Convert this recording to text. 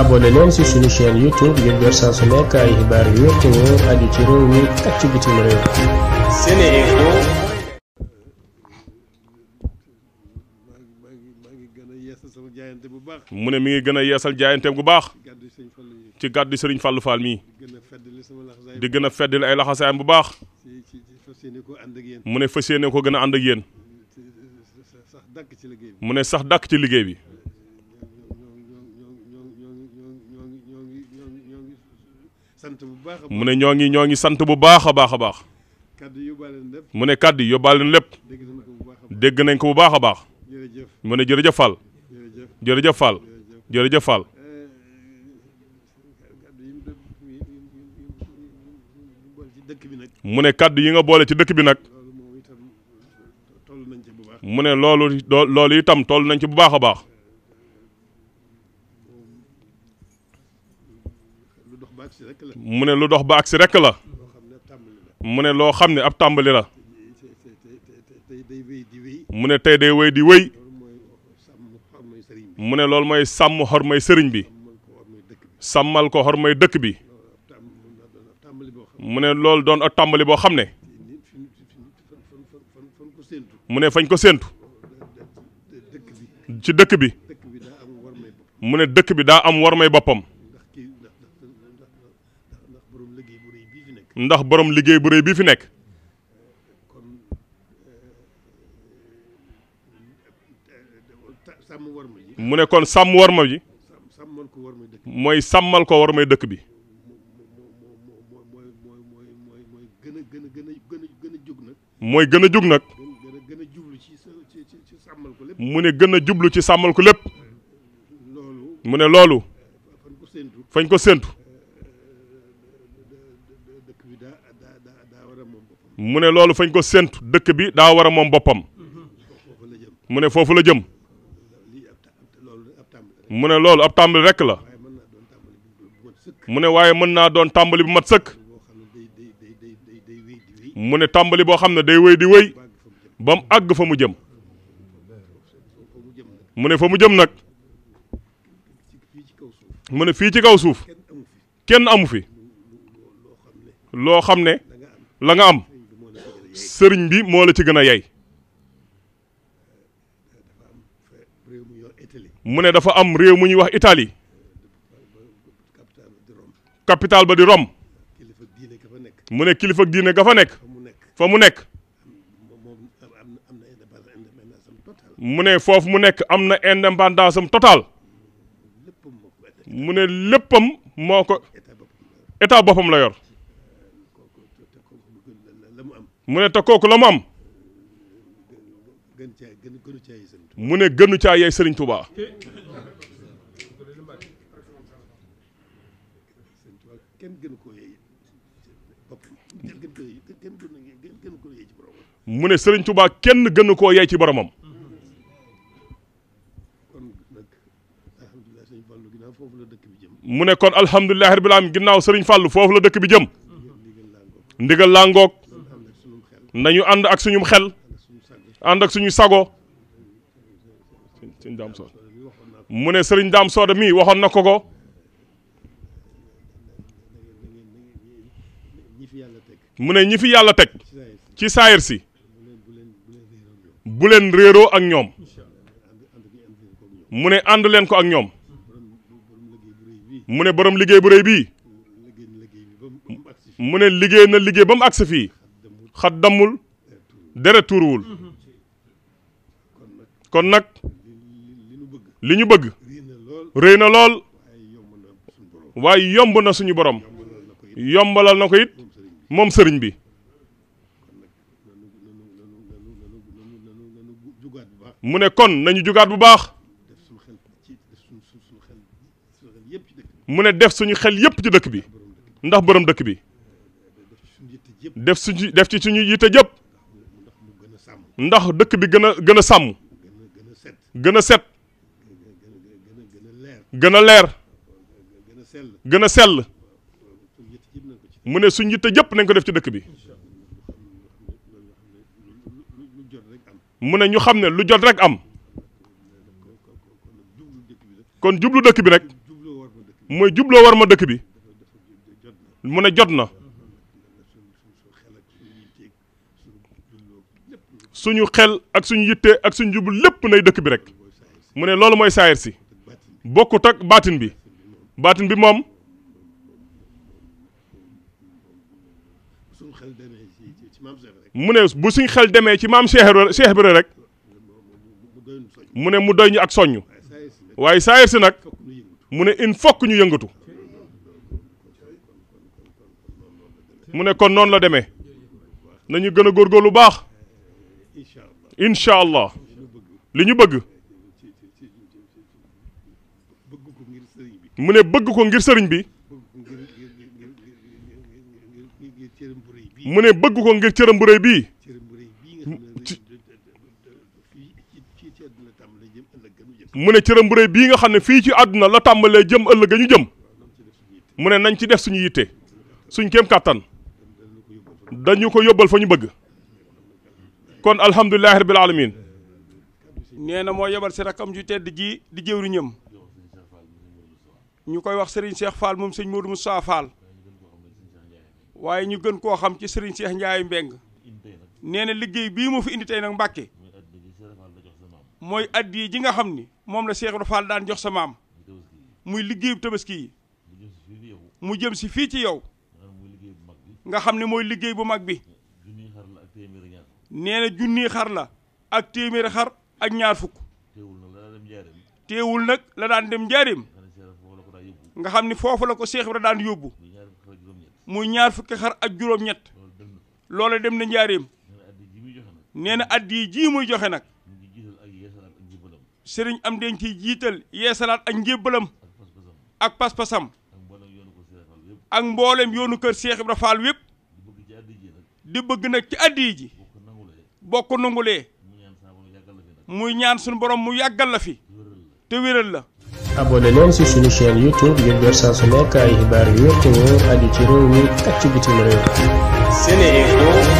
abonné leen ci suñu chaîne YouTube ngir jot saa su nekk ay xibaar yu wér te wóor aju ci mu ne mi ngi gën a yeesal jaayanteem bu baax. ci gàddu sëriñ Fallou Fall mii. di gën a feddali ay laxasaayam bu baax. mu ne fas yéene ko gën a ànd ak yéen. mu ne sax dàkk ci liggéey bi. mu ne ñoo ngi ñoo ngi sant bu baax a baax a baax mu ne kàddu yi yóbbaale na lépp dégg nañ ko bu baax a baax mu ne jërëjëf Fall jërëjëf Fall jërëjëf Fall mu ne kàddu yi nga boole ci dëkk bi nag mu ne loolu loolu itam toll nañ ci bu baax a baax mu ne lu dox ba agsi rekk la mu ne loo xam ne ab tàmbali la mu ne tey day wéy di wéy mu ne loolu mooy sàmm xormay sëriñ bi sàmmal ko xormay dëkk bi mu ne lool doon ak tàmbali boo xam ne mu ne fañ ko séentu ci dëkk bi mu ne dëkk bi daa am war may boppam ndax borom liggéey bu rëy bi fi nekk mu ne kon sàmm warma ji mooy sàmmal ko war may dëkk bi mooy gën a jug nag mu ne gën a jublu ci sàmmal ko lépp mu ne loolu fañ ko séentu mu ne loolu fañ ko séntu dëkk bi daa war a moom boppam mu ne foofu la jëm mu ne loolu ab tàmbali rekk la mu ne waaye mën naa doon tàmbali bu mat sëkk mu ne tàmbali boo xam ne day wéy di wéy ba mu àgg fa mu jëm mu ne fa mu jëm nag mu ne fii ci kaw suuf kenn amu fi loo xam ne la nga am sëriñ bi moo la ci gën a yey mu ne dafa am réew mu ñuy wax itali capitale ba di Rome mu ne kilifa diine ga fa nekk fa mu nekk mu ne foofu mu nekk am na indépendance am totale mu ne léppam moo ko état boppam la yor mu ne te kooku la mu am mu ne gënu caa yey Sëriñ Tuubaa mu ne Sëriñ Tuubaa kenn gënu koo yey ci boromam mu ne kon alhamdulilahi rabbil alamin ginnaaw Sëriñ Fàllu foofu la dëkk bi jëm ndigal laa ngoog nañu ànd ak suñu xel ànd ak suñu sago sëriñ daam sooda mu ne sëriñ daam soode mii waxoon na ko ko mu ne ñi fi yàlla teg ci saayir si bu leen réeroo ak ñoom mu ne ànd leen ko ak ñoom mu ne borom liggéey bu rëy bii mu ne liggéey na liggéey ba mu agsi fii xat dammul deret tuuruwul kon nag li ñu bëgg rëy na lool waaye yomb na suñu borom yombalal na ko it moom sëriñ bi mu ne kon nañu jugaat bu baax mu ne def suñu xel yépp ci dëkk bi ndax borom dëkk bi def suñu def ci suñu yitte jëpp ndax dëkk bi gën a gën a sàmm gën a set gën a leer gën a sell mu ne suñu yitte jëpp nañ ko def ci dëkk bi mu ne ñu xam ne lu jot rek am kon jublu dëkk bi rek mooy jubloo war ma dëkk bi mu ne jot na suñu xel ak suñu yitte ak suñu jublu lépp nay dëkk bi rek mu ne loolu mooy saayir si bokkut ak baatin bi baatin bi moom mu ne bu suñ xel demee ci maam Cheikh Cheikh Ibra rek mu ne mu doy ñu ak soññ waaye saayir si nag mu ne in fokk ñu yëngatu mu ne kon noonu la demee nañu gën a lu baax incha allah li ñu bëgg mu ne bëgg ko ngir sëriñ bi mu ne bëgg ko ngir cëram bu rëy bii mu ne cëram bu rëy bii nga xam ne fii ci àdduna la tàmbalee jëm ëllëg a ñu jëm mu ne nañ ci def suñu yitte suñ kéem kàttan dañu ko yóbbal fa ñu bëgg kon alhamdulilahi rabil alamin nee na moo yebal si rakam ju tedd ji di jëwriñam ñu koy wax Serigne Cheikh Fall moom sëñ Modou Moussa Fall waaye ñu gën koo xam ci Serigne Cheikh Ndiaye Mbeng nee liggéey bii moo fi indi tey nag Mbàkke mooy addi ji nga xam ni moom la Cheikh Fall daan jox sa maam muy liggéeyu tabaski yi mu jëm si fii ci yow nga xam ne mooy liggéey bu mag bi nee na junni xar la ak téeméeri xar ak ñaar fukk teewul nag la daan dem njaarim nga xam ni foofu la ko Seex Ibra daan yóbbu muy ñaar fukki xar ak juróom-ñett loola dem na njaarim nee na addi ji muy joxe nag sëriñ am den ciy jiital yeesalaat ak njébbalam ak pas-pasam ak mbooleem yoonu kër Seex Ibra Faal wépp di bëgg nag ci addi ji boo ko nangulee muy ñaan suñu borom mu yàggal la fi te wéral la. abonné leen si suñu chaîne youtube ngir jot saa su nekk ay xibaar yu wér te wóor ci réew mi ak ci bitim réew.